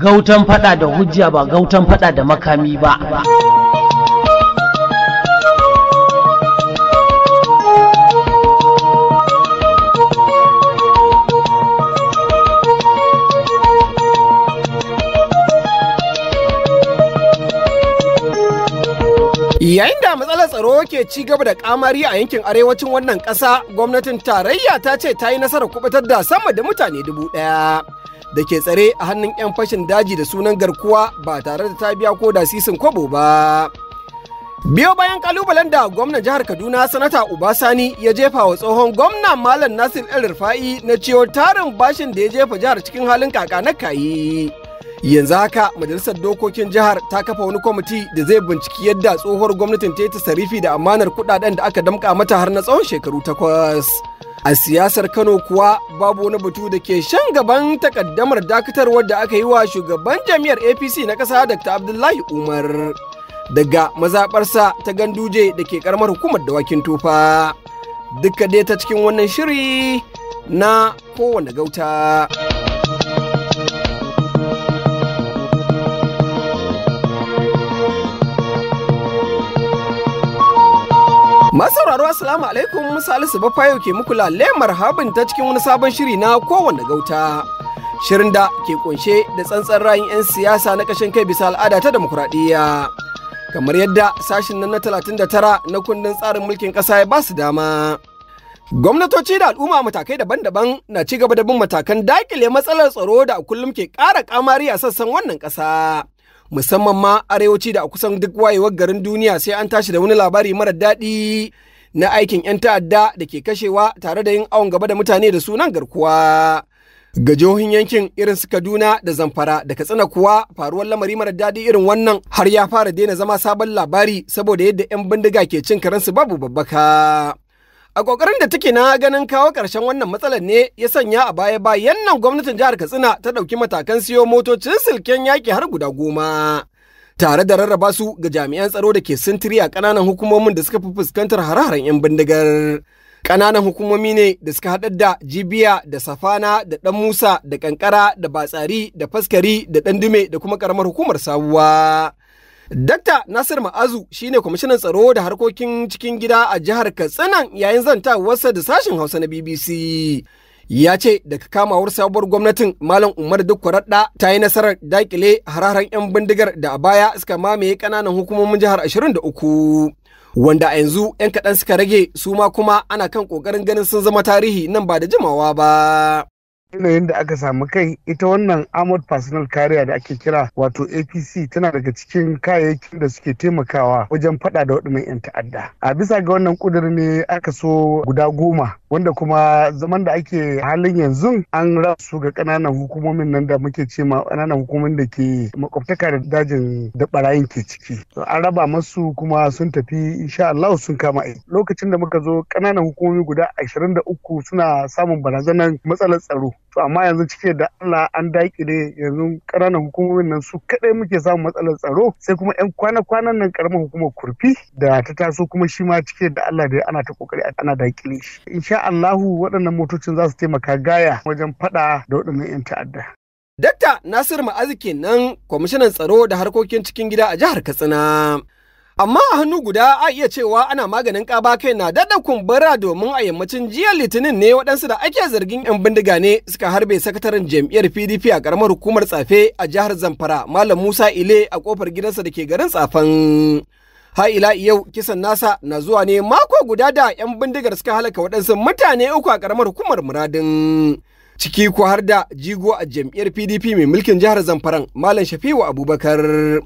gautan fada da hujja ba gautan fada da makami ba Yayin da matsalar tsaro ke ci gaba da kamari a yankin arewacin wannan ƙasa, gwamnatin tarayya ta ce ta yi nasarar kubutar da sama da mutane dubu ɗaya. da ke tsare a hannun 'yan fashin daji da sunan garkuwa ba tare da ta biya ko da sisin kwabo ba. Biyo bayan kalubalen da gwamnan jihar Kaduna sanata Ubasani ya jefa wa tsohon gwamna Malam Nasir El Rufa'i na ciwo tarin bashin da ya jefa jihar cikin halin kaka na kayi. Yanzu haka majalisar dokokin jihar ta kafa wani kwamiti da zai binciki yadda tsohuwar gwamnatin ta yi tasarifi da amanar kudaden da aka damka mata har na tsawon shekaru takwas. A siyasar Kano kuwa babu wani batu da ke shan gaban takaddamar dakatarwar da aka yi wa shugaban jami'ar APC na ƙasa Dr. Abdullahi Umar daga mazaɓarsa ta ganduje da ke ƙaramar hukumar dawakin tufa. Duka dai ta cikin wannan shiri na kowane gauta. Masauraro Assalamu alaikum Salisu Bafayo ke muku lalle marhaban ta cikin wani sabon shiri na kowanne gauta. Shirin da ke kunshe da tsantsan rayin 'yan siyasa na kashin kai bisa al'ada ta demokuraɗiyya. Kamar yadda sashin nan na tara na kundin tsarin mulkin ƙasa ya basu dama. Gwamnatoci da al'umma matakai daban-daban na ci gaba da bin matakan dakile matsalar tsaro da a kullum ke ƙara kamari a sassan wannan ƙasa. musamman ma arewaci da a kusan duk wayewar garin duniya sai an tashi da wani labari mara daɗi na aikin 'yan ta'adda da ke kashewa tare da yin awon gaba da mutane da sunan garkuwa. Ga jihohin yankin irin su Kaduna da Zamfara da Katsina kuwa faruwar lamari mara daɗi irin wannan har ya fara daina zama sabon labari saboda yadda 'yan bindiga ke cin karensu babu babbaka. A ƙoƙarin da take na ganin kawo ƙarshen wannan matsalar ne ya sanya a baya bayan nan gwamnatin jihar Katsina ta ɗauki matakan siyo motocin silken yaƙi har guda goma. Tare da rarraba su ga jami'an tsaro da ke sintiri a ƙananan hukumomin da suka fi fuskantar hare-haren 'yan bindigar. Ƙananan hukumomi ne da suka haɗar da Jibiya da Safana da Ɗan Musa da Ƙanƙara, da Batsari da Faskari da Ɗandume da kuma ƙaramar hukumar Sabuwa. Dakta Nasir Ma'azu shi ne kwamishinan tsaro da harkokin cikin gida a jihar Katsina yayin zantawarsa da sashen Hausa na BBC. Ya ce daga kamawar sabuwar gwamnatin Malam Umar duk Kwararda ta yi nasarar dakile hararen 'yan bindigar da a baya suka mamaye ƙananan hukumomin jihar 23. Wanda a yanzu 'yan kaɗan suka rage su ma kuma ana kan ƙoƙarin ganin sun zama tarihi nan ba da jimawa ba. yanayin da aka samu kai ita wannan armored personal carrier da ake kira wato apc tana daga cikin kayayyakin da suke taimakawa wajen fada da waɗannan 'yan ta'adda a bisa ga wannan ƙudurin ne aka so guda goma wanda kuma zaman da ake halin yanzu an rasu ga ƙananan hukumomin nan da muke ce ma ƙananan hukumomin da ke makwabtaka da dajin da barayin ke ciki an raba masu kuma sun tafi insha Allah sun kama aiki lokacin da muka zo ƙananan hukumomi guda ashirin 23 suna samun barazanar matsalar tsaro to amma yanzu cike da Allah an daƙile yanzu ƙananan hukumomin nan su kaɗai muke samun matsalar tsaro sai kuma 'yan kwana-kwanan nan karamar hukumar kurfi da ta taso kuma shi ma cike da Allah da ana ta kokari ana daƙile shi insha Allahu waɗannan motocin za su taimaka gaya wajen faɗa da waɗannan 'yan ta'adda Dakta Nasir Ma'azi nan kwamishinan tsaro da harkokin cikin gida a jihar Katsina. amma a hannu guda a iya cewa ana maganin ƙaba kai na daɗa kumbura domin a yammacin jiya litinin ne waɗansu da ake zargin 'yan bindiga ne suka harbe sakataren jam'iyyar pdp a ƙaramar hukumar tsafe a jihar zamfara malam musa ile a kofar gidansa da ke garin tsafan ha'ila yau kisan nasa na zuwa ne mako guda da 'yan bindigar suka halaka waɗansu mutane uku a ƙaramar hukumar muradin ciki ko har da jigo a jam'iyyar pdp mai mulkin jihar zamfaran malam shafi'u abubakar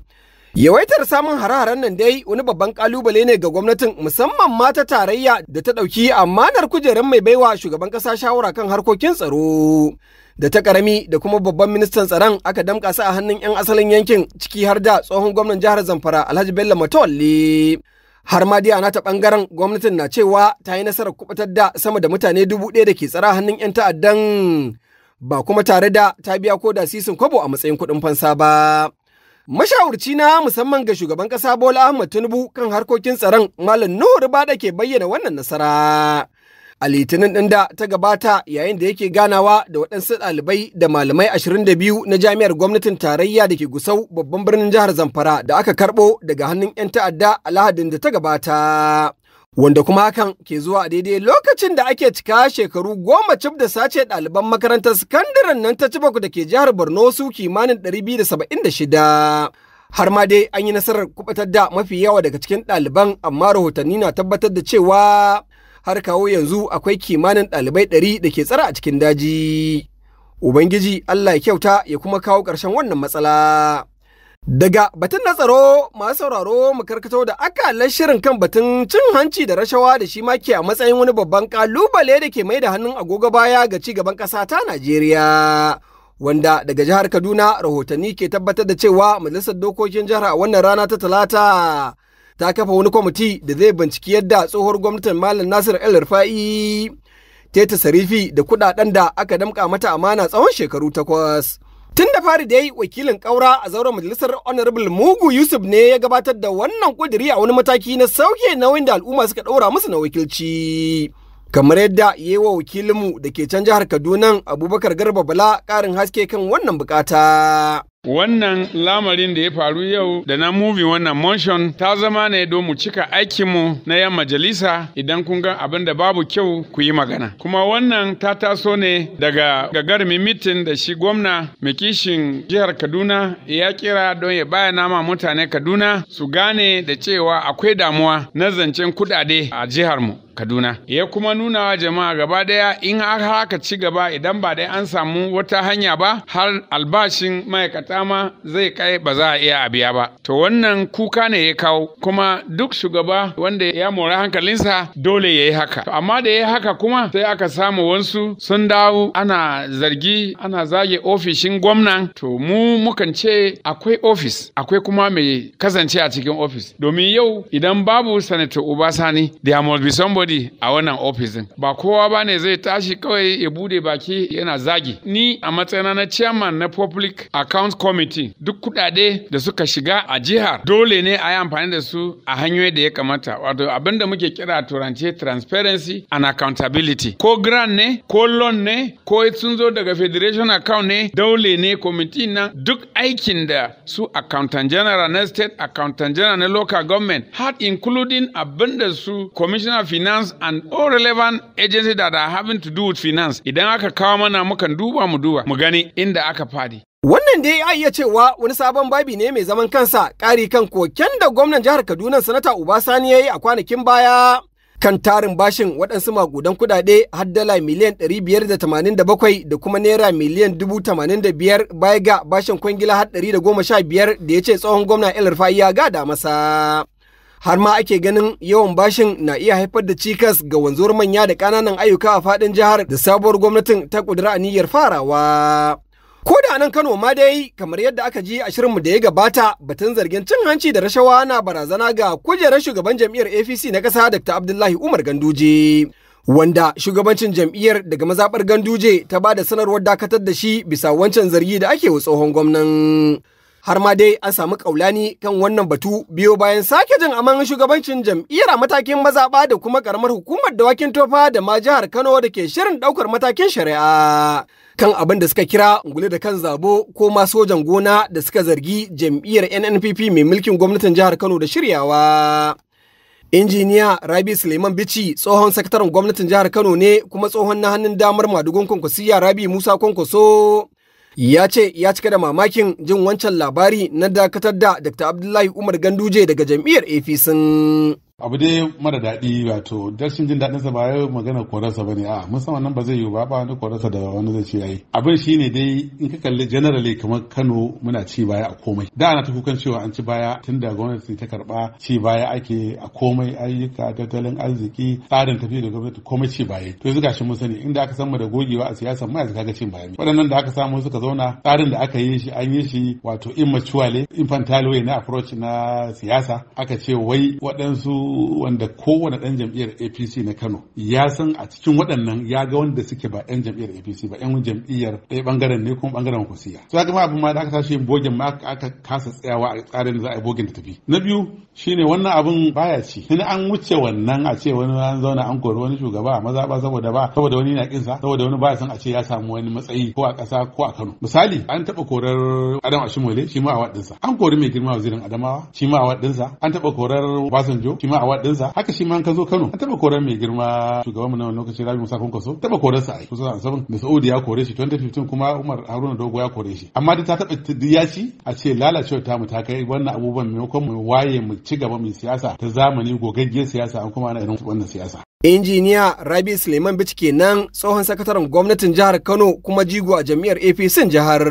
Yawaitar samun hare-haren nan dai wani babban kalubale ne ga gwamnatin musamman ma ta tarayya da ta ɗauki amanar kujerar mai baiwa shugaban ƙasa shawara kan harkokin tsaro. Da ta karami da kuma babban ministan tsaron aka damƙa su a hannun 'yan asalin yankin ciki har da tsohon gwamnan jihar Zamfara Alhaji Bello Matawalle. Har ma dai nata ɓangaren gwamnatin na cewa ta yi nasarar kubutar da sama da mutane dubu ɗaya da ke tsara hannun 'yan ta'addan ba kuma tare da ta biya ko da sisin kwabo a matsayin kuɗin fansa ba. Mashawarci na musamman ga shugaban ƙasa Bola Ahmad Tinubu kan harkokin tsaron Malam Nuhu Rubada, ke bayyana wannan nasara. a litinin ɗin da ta gabata yayin da yake ganawa da waɗansu ɗalibai da malamai ashirin da biyu na jami'ar gwamnatin tarayya da ke gusau babban birnin jihar zamfara da aka karɓo daga hannun 'yan ta'adda a lahadin da ta gabata wanda kuma hakan ke zuwa daidai lokacin da ake cika shekaru goma cif da sace ɗaliban makarantar sakandaren nan ta cibaku da ke jihar Borno su kimanin shida. Har ma dai an yi nasarar kubatar da mafi yawa daga cikin ɗaliban amma rahotanni na tabbatar da cewa har kawo yanzu akwai kimanin ɗalibai ɗari da ke tsara a cikin daji. Ubangiji Allah ya kyauta ya kuma kawo ƙarshen wannan matsala. Daga batun na tsaro masu sauraro mu karkato da akalar shirin kan batun cin hanci da rashawa da shi ke a matsayin wani babban kalubale da ke mai da hannun agogo baya ga ci gaban ƙasa ta Najeriya. Wanda daga jihar Kaduna rahotanni ke tabbatar da cewa majalisar dokokin jihar a wannan rana ta talata ta kafa wani kwamiti da zai binciki yadda tsohuwar gwamnatin Malam Nasir El Rufa'i ta sarifi da kuɗaɗen da aka damƙa mata amana tsawon shekaru takwas. Tun da fari da dai wakilin ƙaura a zauren majalisar Honorable Mugu Yusuf ne ya gabatar da wannan ƙudiri a wani mataki na sauke nauyin da al'umma suka ɗaura musu na wakilci. Kamar yadda yi wa wakilinmu da ke can jihar Kaduna Abubakar Garba Bala ƙarin haske kan wannan bukata. Wannan lamarin da ya faru yau da na movie wannan motion ta zama ne don mu cika aikinmu na yan majalisa idan kun ga abin da babu kyau ku yi magana. Kuma wannan ta taso ne daga gagarumin mitin da shi gwamna mai kishin jihar Kaduna ya kira don ya bayana ma mutane Kaduna su gane da cewa akwai damuwa na zancen kudade a jihar mu. Kaduna. Ya kuma nuna wa jama'a gaba ɗaya in har haka ci gaba idan ba dai an samu wata hanya ba har albashin ma'aikata ma zai kai ba za a iya a biya ba. To wannan kuka ne ya kawo kuma duk shugaba wanda ya mora hankalinsa dole ya yi haka. Amma da ya yi haka kuma sai aka samu wansu sun dawo ana zargi ana zage ofishin gwamnan to mu mukan ce akwai ofis akwai kuma mai kasance a cikin ofis. Domin yau idan babu sanata Obasani da Amol Bisombo nobody a wannan ofis ba kowa ba ne zai tashi kawai ya bude baki yana zagi ni a matsayina na chairman na public account committee duk kudade da suka shiga a jihar dole ne a yi amfani da su a hanyoyi da ya kamata wato abin da muke kira turance transparency and accountability ko grant ne ko loan ne ko sun zo daga federation account ne dole ne committee nan duk aikin da su accountant general na state accountant general na local government har including abin da su commissioner finance finance and all relevant agencies that are having to do with finance idan aka kawo mana mukan duba mu duba mu gani inda aka fadi Wannan dai ya iya cewa wani sabon babi ne mai zaman kansa ƙari kan koken da gwamnan jihar Kaduna sanata Ubasani ya yi a kwanakin baya kan tarin bashin waɗansu magudan kuɗaɗe har dala miliyan 587 da kuma naira miliyan 85,000 baya ga bashin kwangila har 115 da ya ce tsohon gwamna El Rufai ya gada masa. har ma ake ganin yawan bashin na iya haifar da cikas ga wanzuwar manya da kananan ayyuka a faɗin jihar da sabuwar gwamnatin ta ƙudura aniyar farawa. Ko da nan Kano ma dai kamar yadda aka ji a shirinmu da ya gabata batun zargin cin hanci da rashawa na barazana ga kujerar shugaban jam'iyyar APC na ƙasa Dr. Abdullahi Umar Ganduje. Wanda shugabancin jam'iyyar daga mazaɓar Ganduje ta ba da sanarwar dakatar da shi bisa wancan zargi da ake wa tsohon gwamnan. har ma dai an samu kaulani kan wannan batu biyo bayan sake jin aman shugabancin jam'iyyar a matakin mazaɓa da kuma karamar hukumar da dawakin tofa da ma jihar kano da ke shirin ɗaukar matakin shari'a kan abin da suka kira ngule da kan zabo ko ma sojan gona da suka zargi jam'iyyar nnpp mai mulkin gwamnatin jihar kano da shiryawa injiniya rabi suleiman bici tsohon sakataren gwamnatin jihar kano ne kuma tsohon na hannun damar madugon kwankwasiya rabi musa kwankwaso ya ce ya cika da mamakin jin wancan labari na dakatar da Dr. Abdullahi Umar Ganduje daga jam'iyyar APC. abu dai mara daɗi wato darshin jin daɗinsa ba yau magana korarsa ba ne a musamman nan ba zai yiwu ba ba wani korarsa da wani zai ce yayi abin ne dai in ka kalli generally kamar Kano muna ci baya a komai da ana ta kukan cewa an ci baya tunda gwamnati ta karba ci baya ake a komai ayyuka tattalin arziki tsarin tafiya da gwamnati komai ci baya to yanzu gashi mun sani inda aka san mu da gogewa a siyasa ma yanzu kaga cin baya ne waɗannan da aka samu suka zauna tsarin da aka yi shi an yi shi wato immature infantile na approach na siyasa aka ce wai waɗansu wanda kowane ɗan jam'iyyar apc na kano ya san a cikin waɗannan ya ga wanda suke ba 'yan jam'iyyar apc ba 'yan jam'iyyar ɗaya ɓangaren ne kuma ɓangaren kusiya su haka ma abin ma da aka tashi bogin ma aka kasa tsayawa a tsarin da za a yi bogin da tafi na biyu shine wannan abin baya ci in an wuce wannan a ce wani an zauna an kori wani shugaba a maza ba saboda ba saboda wani na kinsa saboda wani baya san a ce ya samu wani matsayi ko a ƙasa ko a Kano misali an taɓa korar Adam Ashimole shi ma a waɗinsa an kori mai girma wazirin Adamawa shi ma a waɗinsa an taɓa korar Basanjo shi ma a wadinsa haka shi ma ka zo Kano an taba koran mai girma shugaban mu na wani lokaci Rabi Musa Kwankwaso taba koran sa ai kusa sabon da Saudi ya kore shi 2015 kuma Umar Haruna Dogo ya kore shi amma da ta taba ci a ce lalacewa ta mu ta kai wannan abubuwan maimakon mu waye mu ci gaba mai siyasa ta zamani gogaggiyar siyasa an kuma ana irin wannan siyasa injiniya rabi suleiman bici kenan tsohon sakataren gwamnatin jihar kano kuma jigo a jam'iyyar apc jihar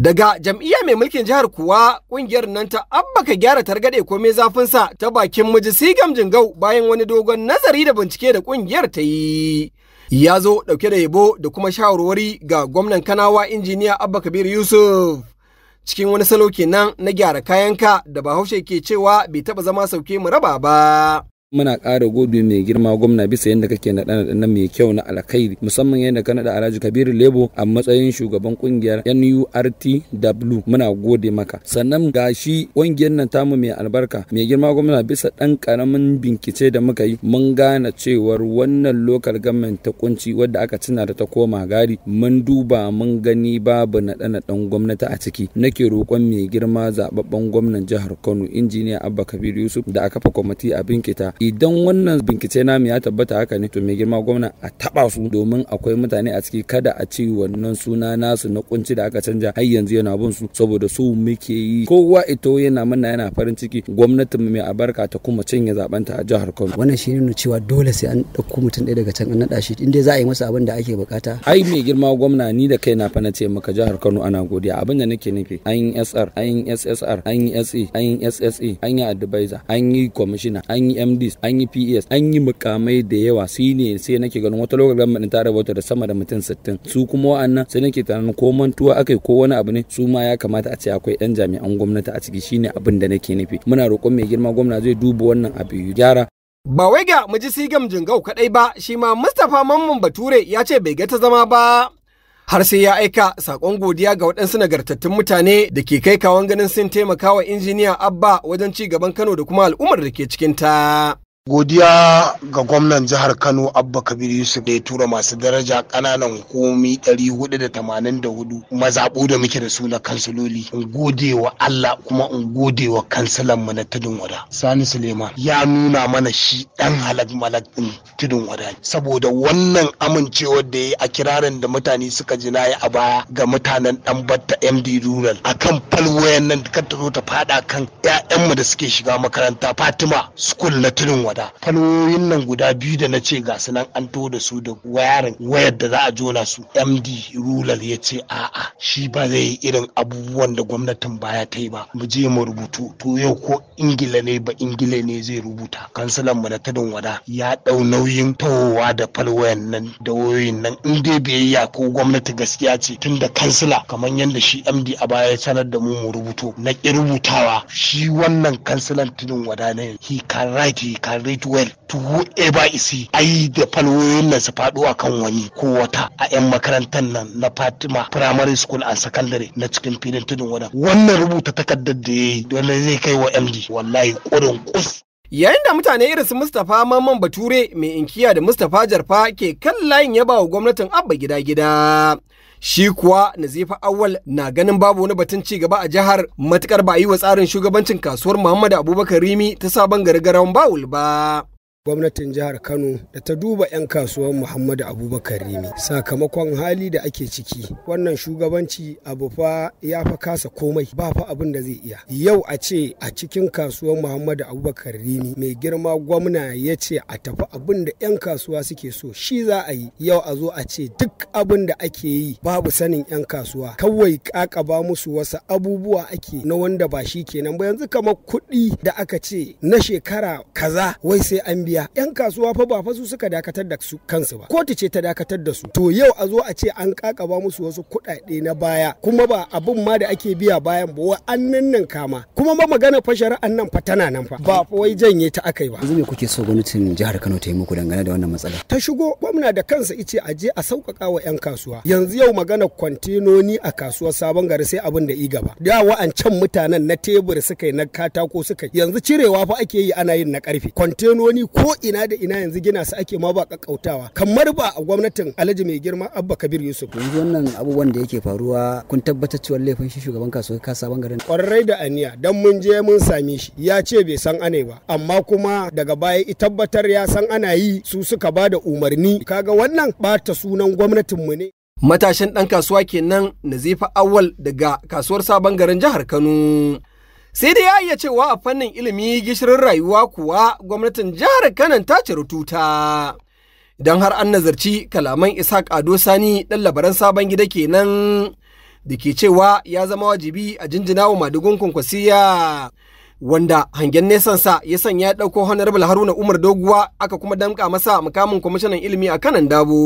Daga jam'iyya mai mulkin jihar kuwa ƙungiyar nan ta abbaka gyara targaɗe komai sa ta bakin miji majisi jingau bayan wani dogon nazari da bincike da ƙungiyar ta yi. Ya zo ɗauke da yabo da kuma shawarwari ga gwamnan kanawa injiniya Abba Kabir Yusuf. Cikin wani salo kenan na gyara kayanka da bahaushe ke cewa bai taɓa zama sauke mu raba ba. muna kara gode mai girma gwamna bisa yadda kake naɗa naɗa mai kyau na alkhairi musamman yadda ka naɗa alhaji kabiru lebo a matsayin shugaban ƙungiyar nurtw muna gode maka sannan ga shi ƙungiyar nan tamu mai albarka mai girma gwamna bisa ɗan ƙaramin bincike da muka yi mun gane cewar wannan lokal gamen ta kunci wadda aka cina da ta koma gari mun duba mun gani babu naɗanaɗan gwamnati a ciki nake roƙon mai girma zaɓaɓɓen gwamnan jihar kano injiniya abba kabiru yusuf da aka kafa kwamiti a binkita idan wannan bincike namu ya tabbata haka ne to mai girma gwamna a taba su domin akwai mutane a ciki kada a ci wannan suna nasu na kunci da aka canja har yanzu yana bin su saboda su muke yi kowa ito yana mana yana farin ciki gwamnatin mai albarka ta kuma cinye zabanta a jihar Kano wannan shine nuna cewa dole sai an dauko mutum ɗaya daga can an nada shi inda za a yi masa abin da ake bukata ai mai girma gwamna ni da kaina fa na ce maka jihar Kano ana godiya abin da nake nufi an yi SR an yi SSR an yi SE an yi SSE an yi advisor an yi commissioner an yi MD studies an yi PS an yi mukamai da yawa su ne sai nake ganin wata lokacin da ta wata da sama da mutum 60 su kuma wa'annan sai nake tunanin ko mantuwa akai ko wani abu ne su ma ya kamata a ce akwai yan jami'an gwamnati a ciki shine abin da nake nufi muna roƙon mai girma gwamna zai duba wannan abu gyara ba wai ga mu ji sigam jingau kadai ba shi ma Mustapha Mamman Bature ya ce bai ga ta zama ba har sai ya aika sakon godiya ga waɗansu nagartattun mutane da ke kai kawon ganin sun taimaka wa injiniya abba wajen ci gaban kano da kuma al'ummar da ke cikinta. Godiya ga gwamnan jihar Kano Abba Kabir Yusuf da ya tura masu daraja kananan hukumomi 484 mazaɓu da muke da su na kansiloli. In gode wa Allah kuma in gode wa kansilan mu na tudun wada. Sani Suleiman ya nuna mana shi ɗan halak malak ɗin tudun wada. Saboda wannan amincewar da ya yi a kirarin da mutane suka ji na a baya ga mutanen ɗan batta MD Rural akan falwayan nan kar ta zo ta faɗa kan 'ya'yanmu da suke shiga makaranta Fatima School na tudun wada. da kalwoyin nan guda biyu da na ce ga su nan an to da su da wayarin wayar da za a jona su md rural ya ce a'a shi ba zai yi irin abubuwan da gwamnatin baya ta yi ba mu je mu rubutu to yau ko ingila ne ba ingila ne zai rubuta kansilan mu na tudun wada ya dau nauyin tawowa da falwayan nan da wayoyin nan in dai biyayya ko gwamnati gaskiya ce tun da kansila kamar yadda shi md a baya ya sanar da mu mu rubuto na ki rubutawa shi wannan kansilan tudun wada ne he can write he can read well to whoever is he ai da falwoyin nan su faɗo akan wani ko wata a 'yan makarantar nan na Fatima primary school and secondary na cikin filin tudun wadan wannan rubuta takardar da yayi dole zai kai wa MD wallahi ƙurin kus Yayin da mutane irin su Mustapha Mamman Bature mai inkiya da Mustapha Jarfa ke kan layin yaba wa gwamnatin Abba gida gida. Shi kuwa Nazifa Awal na ganin babu wani batun ci gaba a jihar matukar ba yi wa tsarin shugabancin kasuwar Muhammadu Abubakar Rimi ta sabon gargarawan Bawul ba. gwamnatin jihar Kano da ta duba 'yan kasuwar Muhammadu Abubakar Rimi sakamakon hali da ake ciki wannan shugabanci abu fa ya fa kasa komai ba fa abin da zai iya yau a ce a cikin kasuwar Muhammadu Abubakar Rimi mai girma gwamna ya ce a tafi abin da 'yan kasuwa suke so shi za a yi yau a zo a ce duk abin da ake yi babu sanin 'yan kasuwa kawai kakaba musu wasu abubuwa ake na wanda ba shi kenan ba yanzu kamar kuɗi da aka ce na shekara kaza wai sai an biya yan kasuwa fa ba fa su suka dakatar da su kansu ba kotu ce ta dakatar da su to yau a zo a ce an kakaba musu wasu kuɗaɗe na baya kuma ba abin ma da ake biya bayan ba wai an nan kama kuma ma magana fa shari'an nan fa tana nan fa ba wai janye ta akai ba yanzu me kuke so gwamnatin jihar Kano ta yi muku dangane da wannan matsala ta shigo gwamna da kansa ice a je a sauƙaƙa wa yan kasuwa yanzu yau magana kwantenoni a kasuwar sabon gari sai abin da iga ba da wa'ancan mutanen na tebur suka yi na katako suka yanzu cirewa fa ake yi ana yin na karfe kwantenoni ko ko ina da ina yanzu gina su ake ma ba kakkautawa kamar ba a gwamnatin alhaji mai girma abba kabir yusuf yanzu wannan abubuwan da yake faruwa kun tabbatar cewa laifin shi shugaban kasuwar kasa bangaren kwarai da aniya dan mun je mun same shi ya ce bai san ane ba amma kuma daga baya i tabbatar ya san ana yi su suka ba da umarni kaga wannan bata sunan gwamnatin mu ne matashin ɗan kasuwa kenan nazifa awal daga kasuwar sabon garin jihar kano sai dai ya iya cewa a fannin ilimi gishirin rayuwa kuwa gwamnatin jihar kanan ta ci rututa. don har an nazarci kalaman ishaq ado sani ɗan labaran sabon gida kenan da ke cewa ya zama wajibi a jinjina wa madugun kwankwasiya wanda hangen nesansa ya sanya ɗauko honorable haruna umar doguwa aka kuma damƙa masa mukamin kwamishinan ilimi a kanan dabo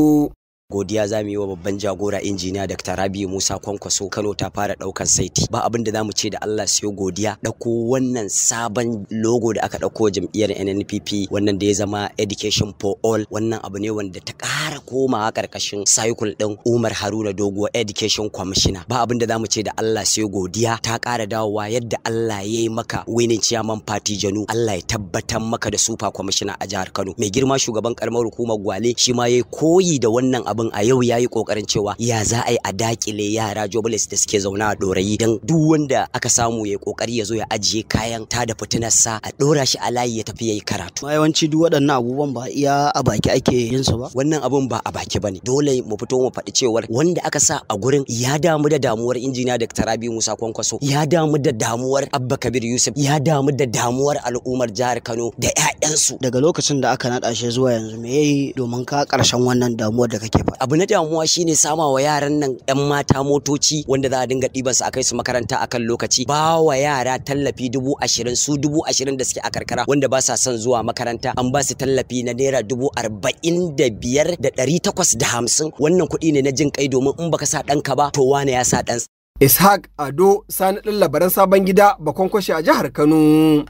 godiya za mu yi wa babban jagora injiniya Dr. Rabi Musa Kwankwaso Kano ta fara daukan saiti ba abin da zamu ce da Allah sai godiya dauko wannan sabon logo da aka dauko jam'iyyar NNPP wannan da ya zama education for all wannan abu ne wanda ta kara komawa karkashin cycle din Umar Haruna Doguwa education commissioner ba abin da mu ce da Allah sai godiya ta ƙara dawowa yadda Allah ya yi maka winning chairman party Janu Allah ya tabbatar maka da super commissioner a jihar Kano mai girma shugaban karamar hukumar Gwale shi ma yi koyi da wannan abu abin a yau yayi kokarin cewa ya za a yi a dakile yara jobless da suke zauna a dorayi dan duk wanda aka samu yayi kokari ya zo ya ajiye kayan ta da fitinar sa a dora shi a layi ya tafi yayi karatu yawanci duk waɗannan abubuwan ba iya a baki ake yin su ba wannan abun ba a baki bane dole mu fito mu faɗi cewar wanda aka sa a gurin ya damu da damuwar injiniya da Rabi Musa Kwankwaso ya damu da damuwar Abba Kabir Yusuf ya damu da damuwar al'ummar jihar Kano da 'ya'yansu daga lokacin da aka naɗa shi zuwa yanzu me yayi domin ka ƙarshen wannan damuwar da kake abu na damuwa shine sama wa yaran nan yan mata motoci wanda za a dinga ɗiban su akai su makaranta akan lokaci ba wa yara tallafi dubu ashirin su dubu ashirin da suke a karkara wanda ba sa son zuwa makaranta an ba su tallafi na naira dubu arba'in da biyar da ɗari takwas da hamsin wannan kuɗi ne na jin kai domin in baka sa ɗanka ba to wane ya sa ɗan Ishaq Ado sani ɗin labaran sabon gida bakon kwashe a jihar Kano.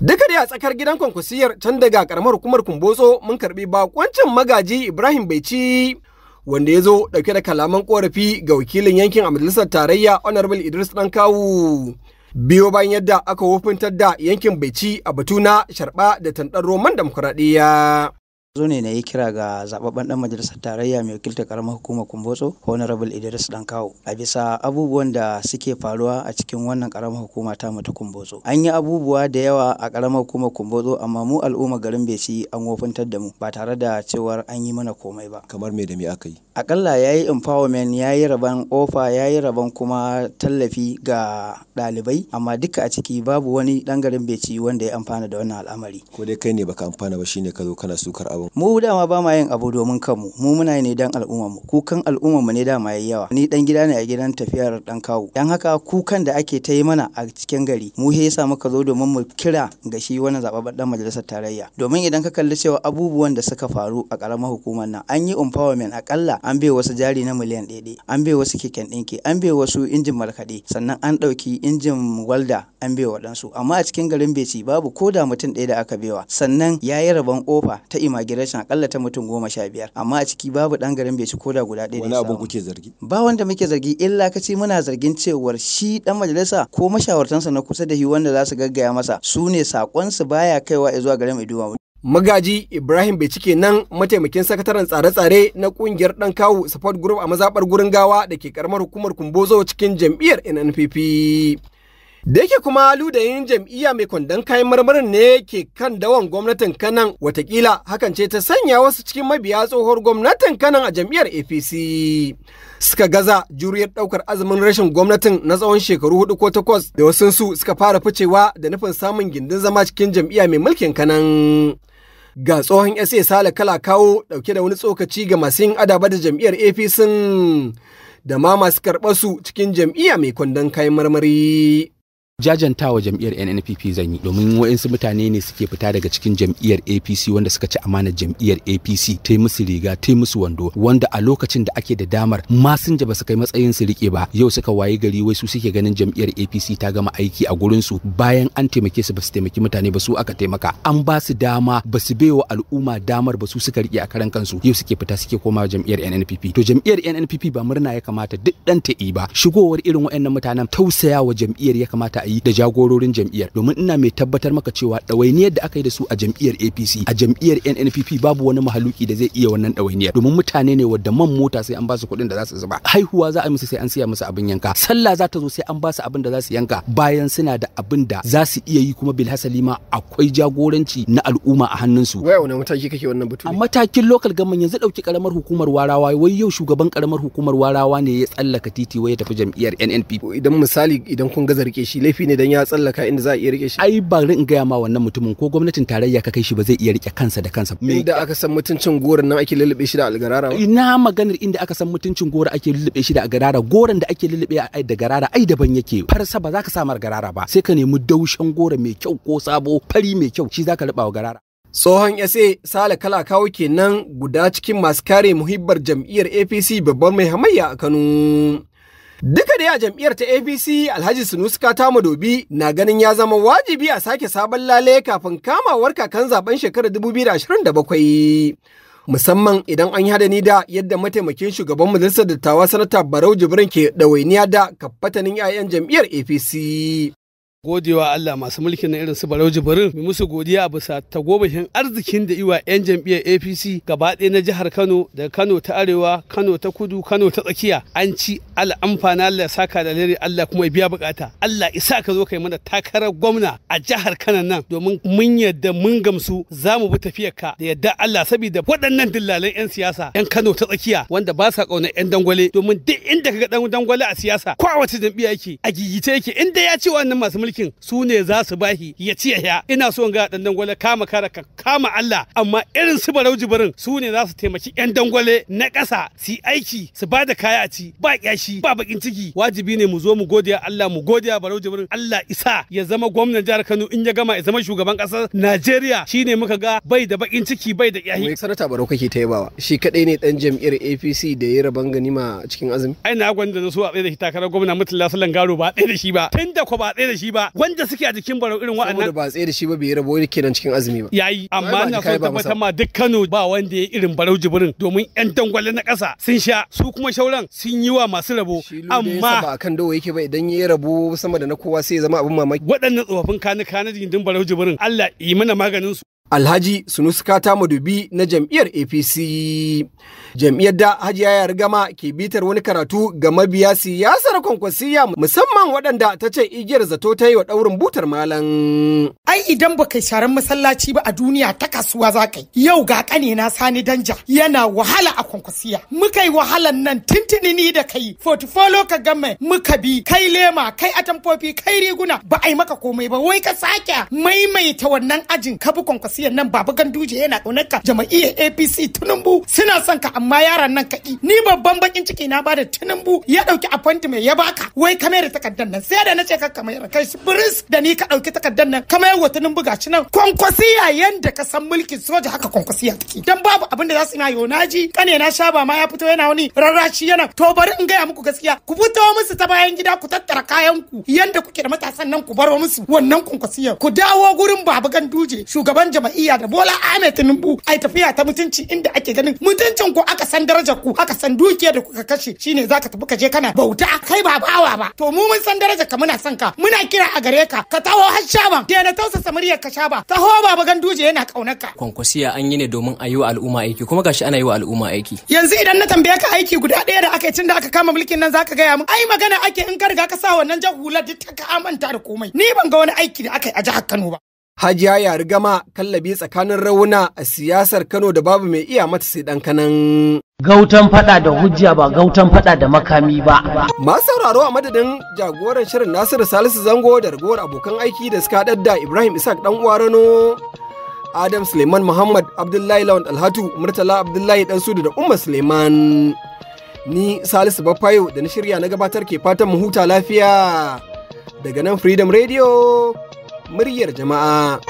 Duka da a tsakar gidan kwankwasiyar can daga karamar hukumar Kumbotso mun karbi bakoncin magaji Ibrahim Baici wanda ya zo dauke da kalaman korafi ga wakilin yankin a majalisar tarayya honorable idris Dan kawu biyo bayan yadda aka wofintar da yankin baici a batu na sharba da tandan roman demokuraɗiyya zo ne na yi kira ga zababben dan majalisar tarayya mai wakiltar karamar hukumar kumbotso honorable idris dankawo a bisa abubuwan da suke faruwa a cikin wannan karamar hukuma ta mutu kumbotso an yi abubuwa da yawa a karamar hukumar kumbotso amma mu al'umma garin beci an wofintar da mu ba tare da cewar an yi mana komai ba kamar me da me aka yi akalla ya yi empowerment ya yi rabon ofa ya yi rabon kuma tallafi ga ɗalibai amma duka a ciki babu wani dan garin beci wanda ya amfana da wannan al'amari ko dai kai ne baka amfana ba shine ka zo kana sukar abu Mu dama ba ma yin abu domin kanmu, mu muna yi ne don mu Kukan mu ne dama yayi yawa. Ni dan gida ne a gidan tafiyar dan kawo Dan haka kukan da ake ta yi mana a cikin gari, mu he yasa muka zo domin mu kira ga shi wannan zababben dan majalisar tarayya. Domin idan ka kalli cewa abubuwan da suka faru a karamar hukumar nan, an yi empowerment akalla an bai wasu jari na miliyan ɗaya an bai wasu keken ɗinki, an bai wasu injin markaɗe, sannan an ɗauki injin walda an bai waɗansu. Amma a cikin garin Beci babu ko da mutum ɗaya da aka baiwa. Sannan ya yi rabon kofa ta imagi degradation akalla ta mutum goma sha biyar amma a ciki babu dan garin bai ci koda guda ɗaya wani abin kuke zargi ba wanda muke zargi illa kace muna zargin cewar shi dan majalisa ko mashawartansa na kusa da shi wanda za su gaggaya masa su ne sakonsu baya kaiwa zuwa garin Iduwa Magaji Ibrahim bai cike nan mataimakin sakataren tsare-tsare na kungiyar dan kawu support group a mazaɓar gurin gawa da ke karamar hukumar Kumbozo cikin jam'iyyar NNPP. Da yake kuma ludayin jam'iyya mai kwandon kayan marmarin ne ke kan dawan gwamnatin kanan watakila hakan ce ta sanya wasu cikin mabiya tsohuwar gwamnatin kanan a jam'iyyar APC. Suka gaza juriyar ɗaukar azumin rashin gwamnatin na tsawon shekaru hudu ko takwas da su suka fara ficewa da nufin samun gindin zama cikin jam'iyya mai mulkin kanan. ga tsohon SA Sale Kala kawo ɗauke da wani tsokaci ga masu yin adaba da jam'iyyar APC da ma masu karɓar su cikin jam'iyya mai kwandon kayan marmari. jajantawa jam'iyyar nnpp zan yi domin wa'insu mutane ne suke fita daga cikin jam'iyyar apc wanda suka ci amanar jam'iyyar apc ta musu riga ta musu wando wanda a lokacin da ake da damar masinja ba su kai matsayin su rike ba yau suka waye gari wai su suke ganin jam'iyyar apc ta gama aiki a gurin su bayan an taimake su ba su taimaki mutane ba su aka taimaka an ba su dama ba su baiwa al'umma damar ba su suka rike a karan kansu yau suke fita suke komawa jam'iyyar nnpp to jam'iyyar nnpp ba murna ya kamata duk dan ta yi ba shigowar irin wa'annan mutanen tausayawa jam'iyyar ya kamata yi da jagororin jam'iyyar domin ina mai tabbatar maka cewa ɗawainiyar da aka yi da su a jam'iyyar APC a jam'iyyar NNPP babu wani mahaluki da zai iya wannan ɗawainiyar domin mutane ne wadda man mota sai an ba su kuɗin da za su zuba haihuwa za a yi musu sai an siya musu abin yanka sallah za ta zo sai an ba su abin da za su yanka bayan suna da abin da za su iya yi kuma bilhassali ma akwai jagoranci na al'umma a hannunsu wai wani mataki kake wannan batu a matakin local government yanzu ɗauki karamar hukumar warawa wai yau shugaban karamar hukumar warawa ne ya tsallaka titi wai ya tafi jam'iyyar NNPP idan misali idan kun ga zarge shi laifi laifi ne dan ya tsallaka inda za a iya rike shi ai ba in gaya ma wannan mutumin ko gwamnatin tarayya ka kai shi ba zai iya rike kansa da kansa inda aka san mutuncin goran nan ake lullube shi da algarara ina maganar inda aka san mutuncin goro ake lullube shi da algarara goron da ake lullube a da garara ai daban yake farsa ba za ka samar garara ba sai ka nemi daushen goro mai kyau ko sabo fari mai kyau shi za ka wa garara Tsohon SA Sale kala kawo kenan guda cikin masu kare muhibbar jam'iyyar APC babban mai hamayya a Kano. Duka dai a jam'iyyar ta APC Alhaji Sunusuka ta Madobi na ganin ya zama wajibi a sake sabon lale kafin kamawar kakan zaben shekarar 2027. Musamman idan an yi ni da yadda mataimakin shugaban majalisar dattawa sanata Barau Jibrin ke ɗawainiya da kafatanin 'ya'yan jam'iyyar APC. godewa Allah masu mulkin na irin su Barau Jibrin mu musu godiya bisa tagomashin arzikin da iwa 'yan jam'iyyar APC gaba ɗaya na jihar Kano da Kano ta Arewa Kano ta Kudu Kano ta Tsakiya an ci al'amfana Allah saka da lare Allah kuma ya biya bukata Allah isa ka zo kai mana takarar gwamna a jihar Kano nan domin mun yadda mun gamsu za mu bi tafiyar ka da yadda Allah saboda waɗannan dillalan 'yan siyasa 'yan Kano ta Tsakiya wanda ba sa kauna 'yan dangwale domin duk inda kaga dan dangwale a siyasa kowace jam'iyya yake a gigice yake inda ya ce wannan masu mulkin su ne za su bahi ya ci ya ina so ga dan dangwale kama kara ka kama Allah amma irin su barauji barin su ne za su taimaki yan dangwale na ƙasa su aiki su ba da kaya a ci ba kyashi ba bakin ciki wajibi ne mu zo mu godiya Allah mu godiya barauji barin Allah isa ya zama gwamnan jihar Kano in ya gama ya zama shugaban ƙasar Najeriya shine muka ga bai da bakin ciki bai da yahi sanata barau kake ta yabawa shi kadai ne dan jam'iyyar APC da ya raban ganima cikin azumi ai na gwanda da su a tsaye da shi takarar gwamna mutula salan garo ba tsaye da shi ba tunda ko ba da shi ba ba wanda suke a jikin barau irin wa'annan saboda ba tsaye da shi ba bai rabo yake nan cikin azumi ba yayi amma ina so tabbatar ma duk Kano ba wanda ya irin barau jibirin domin yan dangwale na ƙasa sun sha su kuma shauran sun yi wa masu rabo amma ba akan dawo yake ba idan ya rabo sama da na kowa sai ya zama abin mamaki waɗannan tsofaffin kanu kanu jindin barau Allah yi mana maganin su Alhaji Sunuska ta madubi na jam'iyyar APC. Jam'iyyar da Hajiya ya rigama ke bitar wani karatu ga mabiya siyasar kwankwasiya musamman waɗanda ta ce igiyar zato ta yi wa ɗaurin butar malam. Ai idan baka sharan masallaci ba a duniya ta kasuwa za ka Yau ga ƙane na sani danja yana wahala a kwankwasiya. Muka yi wahalan nan tintini ni da kai. fotifolo ka gama muka bi kai lema kai atamfofi kai riguna ba a yi maka komai ba wai ka sake maimaita wannan ajin ka bi kwankwasiya. siyasiyar nan baba ganduje yana ƙaunar ka jama'iyyar apc tinubu suna son ka amma yaran nan kaɗi ni babban bakin ciki na bada tinubu ya ɗauki appointment ya baka wai ka mayar takardar nan sai da na ce ka mayar kai biris da ni ka ɗauki takardar nan ka mayar wa tinubu gashi nan kwankwasiya yanda ka san mulkin soja haka kwankwasiya take dan babu abin da za su yi yonaji kane na shaba ma ya fito yana wani rarrashi yana to bari in gaya muku gaskiya ku fito musu ta bayan gida ku tattara kayan ku yanda kuke da matasan nan ku baro musu wannan kwankwasiyar ku dawo gurin baba ganduje shugaban jama'a jama'iyya da Bola Ahmed Tinubu ai tafiya ta mutunci inda ake ganin mutuncin ku aka san darajar ku aka san dukiyar da kuka kashe shine zaka tafi ka je kana bauta kai ba bawa ba to mu mun san darajar ka muna son ka muna kira a gare ka ka taho har shaba da na tausa muryar ka shaba taho baba ganduje yana kaunar ka kwankwasiya an yi ne domin a yi wa al'umma aiki kuma gashi ana yi wa al'umma aiki yanzu idan na tambaye ka aiki guda ɗaya da aka yi tun da aka kama mulkin nan zaka gaya min ai magana ake in ka riga ka sa wannan jan hular duk ta ka amanta da komai ni ban ga wani aiki da aka yi a jihar Kano ba Hajiya ya rigama, kallabi tsakanin rauna a siyasar Kano da babu mai iya mata sai dan kanan. Gautan fada da hujja ba gautan fada da makami ba. Masu sauraro a madadin jagoran shirin Nasiru Salisu Zango da ragowar abokan aiki da suka da Ibrahim Isaac dan Rano. Adam Suleiman Muhammad Abdullahi Lawan Alhatu Murtala Abdullahi dan Sudu da Umma Suleiman. Ni Salisu Bafayo da na shirya na gabatar ke fatan mu huta lafiya. Daga nan Freedom Radio muryar jama'a.